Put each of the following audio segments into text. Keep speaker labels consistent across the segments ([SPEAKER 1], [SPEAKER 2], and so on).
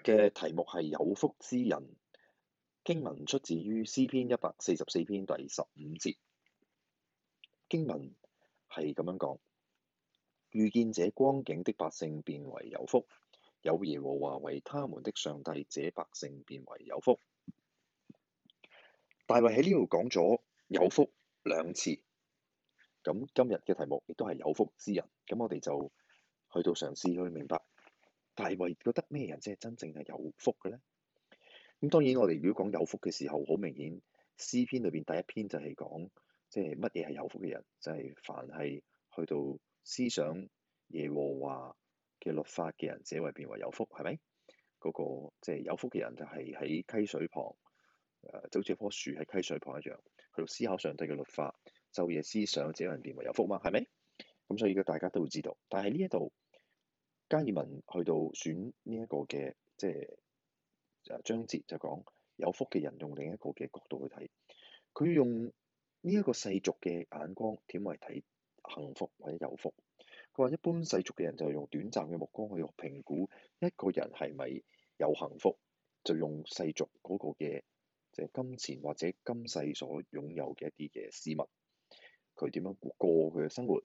[SPEAKER 1] 嘅題目係有福之人，經文出自於詩篇一百四十四篇第十五節。經文係咁樣講：遇見這光景的百姓，便為有福；有耶和華為他們的上帝，這百姓便為有福。大衛喺呢度講咗有福兩次，咁今日嘅題目亦都係有福之人，咁我哋就去到嘗試去明白。大衞覺得咩人先係真正係有福嘅咧？咁當然，我哋如果講有福嘅時候，好明顯，詩篇裏邊第一篇就係講，即係乜嘢係有福嘅人？就係、是、凡係去到思想耶和華嘅律法嘅人，這位便為有福，係咪？嗰、那個即係、就是、有福嘅人就係喺溪水旁，誒就好似一棵樹喺溪水旁一樣，去到思考上帝嘅律法，晝夜思想，這樣人便為有福嘛，係咪？咁所以嘅大家都會知道，但係呢一度。加爾文去到選呢一個嘅即係誒章節，就講有福嘅人用另一個嘅角度去睇，佢用呢一個世俗嘅眼光點嚟睇幸福或者有福？佢話一般世俗嘅人就用短暫嘅目光去評估一個人係咪有幸福，就用世俗嗰個嘅即係金錢或者今世所擁有嘅一啲嘅事物，佢點樣過佢嘅生活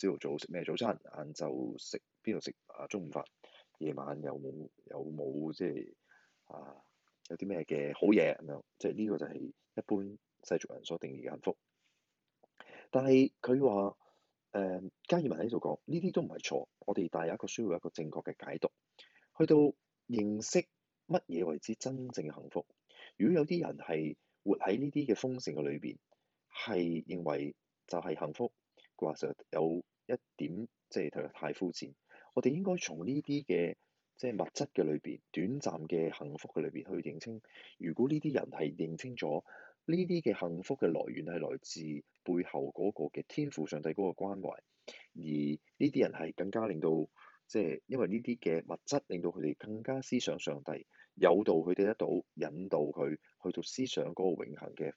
[SPEAKER 1] 朝早食咩早餐，晏晝食邊度食啊？中午飯，夜晚有冇有冇即係啊？有啲咩嘅好嘢咁樣？即係呢個就係一般世俗人所定義嘅幸福。但係佢話誒，加爾文喺度講呢啲都唔係錯，我哋但係有一個需要一個正確嘅解讀，去到認識乜嘢為之真正嘅幸福。如果有啲人係活喺呢啲嘅豐盛嘅裏邊，係認為就係幸福，佢話實有。一點即係太太膚淺。我哋應該從呢啲嘅即係物質嘅裏邊、短暫嘅幸福嘅裏邊去認清。如果呢啲人係認清咗呢啲嘅幸福嘅來源係來自背後嗰個嘅天父上帝嗰個關懷，而呢啲人係更加令到即係因為呢啲嘅物質令到佢哋更加思想上帝，誘導佢哋得到引導佢去到思想嗰個永恆嘅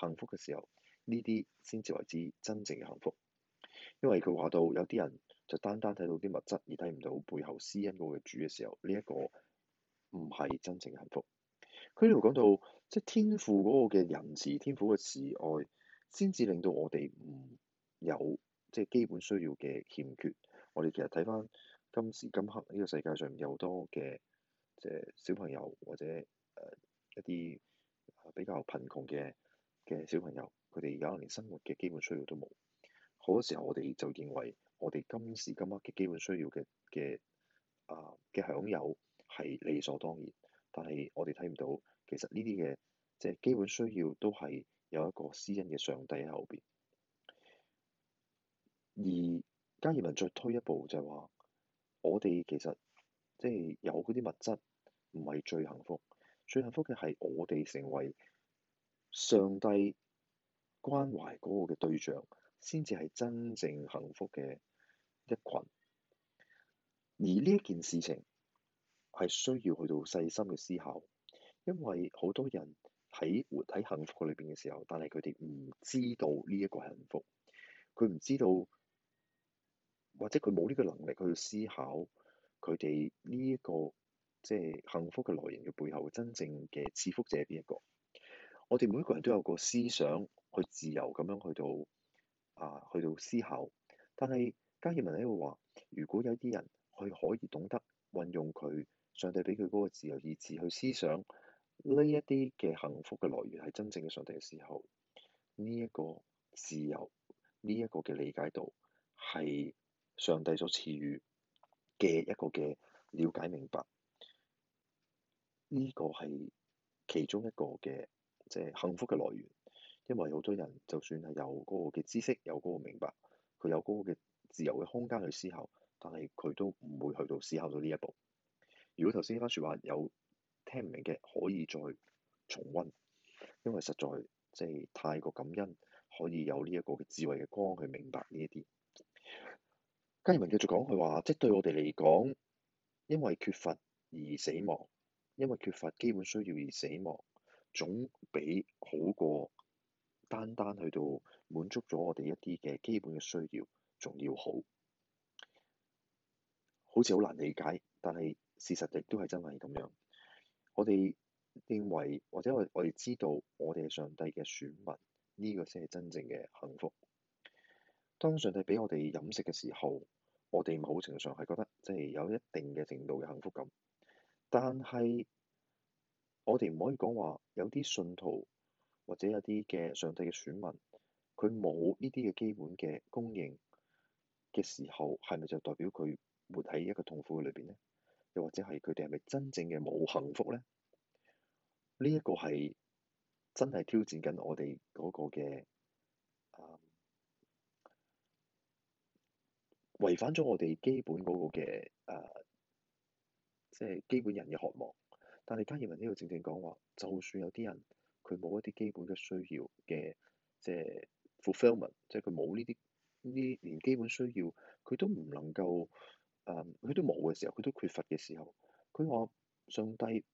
[SPEAKER 1] 幸福嘅時候，呢啲先至為之真正嘅幸福。因為佢話到有啲人就單單睇到啲物質而睇唔到背後施恩嗰個主嘅時候，呢一個唔係真正嘅幸福。佢呢度講到即係天父嗰個嘅仁慈天父嘅慈愛，先至令到我哋唔有即係基本需要嘅欠缺。我哋其實睇翻今時今刻呢個世界上有好多嘅誒小朋友或者誒一啲比較貧窮嘅嘅小朋友，佢哋而家連生活嘅基本需要都冇。好多時候，我哋就認為我哋今時今刻嘅基本需要嘅嘅嘅享有係理所當然，但係我哋睇唔到其實呢啲嘅即係基本需要都係有一個施恩嘅上帝喺後邊。而加爾文再推一步就係話，我哋其實即係有嗰啲物質唔係最幸福，最幸福嘅係我哋成為上帝關懷嗰個嘅對象。先至係真正幸福嘅一群。而呢一件事情係需要去到細心嘅思考，因為好多人喺活喺幸福嘅裏邊嘅時候，但係佢哋唔知道呢一個係幸福，佢唔知道或者佢冇呢個能力去思考佢哋呢一個即係、就是、幸福嘅來源嘅背後真正嘅賜福者係邊一個？我哋每一個人都有個思想去自由咁樣去到。啊，去到思考，但係加爾文喺度話，如果有啲人佢可以懂得運用佢上帝俾佢嗰個自由意志去思想呢一啲嘅幸福嘅來源係真正嘅上帝嘅時候，呢一個自由呢一個嘅理解度係上帝所賜予嘅一個嘅了解明白，呢個係其中一個嘅即係幸福嘅來源。因為好多人就算係有嗰個嘅知識，有嗰個明白，佢有嗰個嘅自由嘅空間去思考，但係佢都唔會去到思考到呢一步。如果頭先呢番説話說有聽唔明嘅，可以再重温。因為實在即係、就是、太過感恩，可以有呢一個嘅智慧嘅光去明白呢一啲。加爾文繼續講佢話，即係對我哋嚟講，因為缺乏而死亡，因為缺乏基本需要而死亡，總比好過。單單去到滿足咗我哋一啲嘅基本嘅需要，仲要好，好似好難理解，但係事實亦都係真係咁樣。我哋認為，或者我我哋知道，我哋係上帝嘅選民，呢個先係真正嘅幸福。當上帝俾我哋飲食嘅時候，我哋某程度上係覺得即係有一定嘅程度嘅幸福感，但係我哋唔可以講話有啲信徒。或者有啲嘅上帝嘅選民，佢冇呢啲嘅基本嘅供應嘅時候，係咪就代表佢活喺一個痛苦嘅裏邊呢？又或者係佢哋係咪真正嘅冇幸福呢？呢、這、一個係真係挑戰緊我哋嗰個嘅、嗯，違反咗我哋基本嗰個嘅即係基本人嘅渴望。但係加爾文呢度正正講話，就算有啲人。佢冇一啲基本嘅需要嘅，即係 fulfillment，即係佢冇呢啲呢連基本需要，佢都唔能夠誒，佢都冇嘅時候，佢都缺乏嘅時候，佢話上帝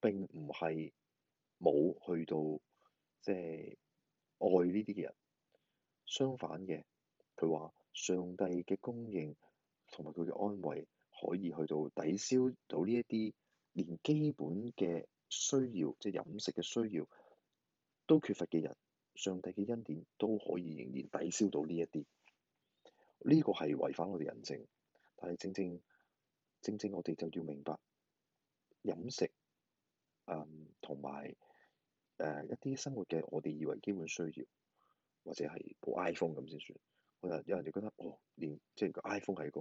[SPEAKER 1] 並唔係冇去到，即係愛呢啲嘅人，相反嘅，佢話上帝嘅供應同埋佢嘅安慰，可以去到抵消到呢一啲連基本嘅。需要即係飲食嘅需要都缺乏嘅人，上帝嘅恩典都可以仍然抵消到呢一啲。呢個係違反我哋人性，但係正正正正，我哋就要明白飲食同埋誒一啲生活嘅我哋以為基本需要，或者係部 iPhone 咁先算。我有有人就覺得，哦，連即係個 iPhone 係個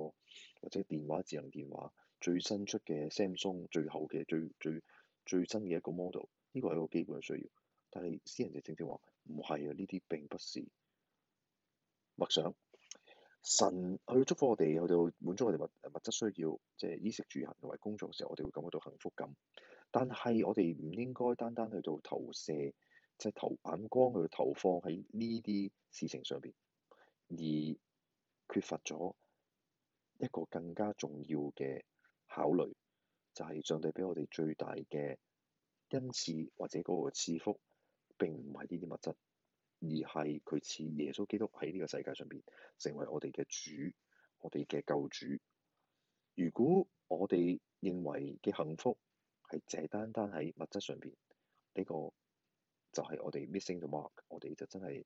[SPEAKER 1] 或者電話智能電話最新出嘅 Samsung 最後嘅最最。最最真嘅一個 model，呢個係一個基本嘅需要。但係，私人就直接話唔係啊！呢啲並不是默想神去祝福我哋，去到滿足我哋物物質需要，即係衣食住行同埋工作嘅時候，我哋會感覺到幸福感。但係我哋唔應該單單去到投射，即係投眼光去投放喺呢啲事情上邊，而缺乏咗一個更加重要嘅考慮。就係上帝畀我哋最大嘅恩賜或者嗰個賜福，並唔係呢啲物質，而係佢似耶穌基督喺呢個世界上邊成為我哋嘅主，我哋嘅救主。如果我哋認為嘅幸福係淨單單喺物質上邊，呢個就係我哋 missing the mark，我哋就真係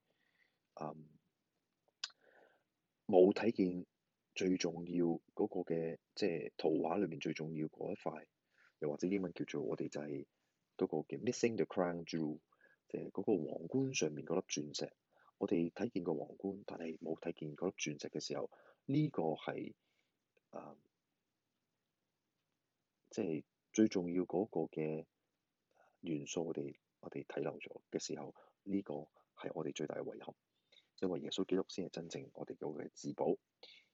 [SPEAKER 1] 冇睇見。嗯最重要嗰、那個嘅，即、就、係、是、圖畫裏面最重要嗰一塊，又或者英文叫做我哋就係嗰、那個叫 missing the crown jewel，即係嗰個皇冠上面嗰粒鑽石。我哋睇見個皇冠，但係冇睇見嗰粒鑽石嘅時候，呢、這個係即係最重要嗰個嘅元素，我，我哋我哋睇漏咗嘅時候，呢、這個係我哋最大嘅遺憾，因為耶穌基督先係真正我哋嗰嘅至寶。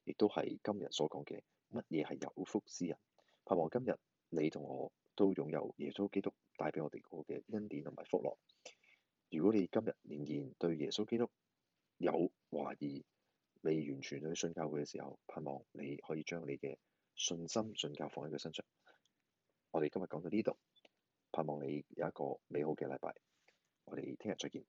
[SPEAKER 1] 亦都係今日所講嘅，乜嘢係有福之人？盼望今日你同我都擁有耶穌基督帶俾我哋嗰嘅恩典同埋福樂。如果你今日仍然對耶穌基督有懷疑，未完全去信靠佢嘅時候，盼望你可以將你嘅信心信靠放喺佢身上。我哋今日講到呢度，盼望你有一個美好嘅禮拜。我哋聽日再見。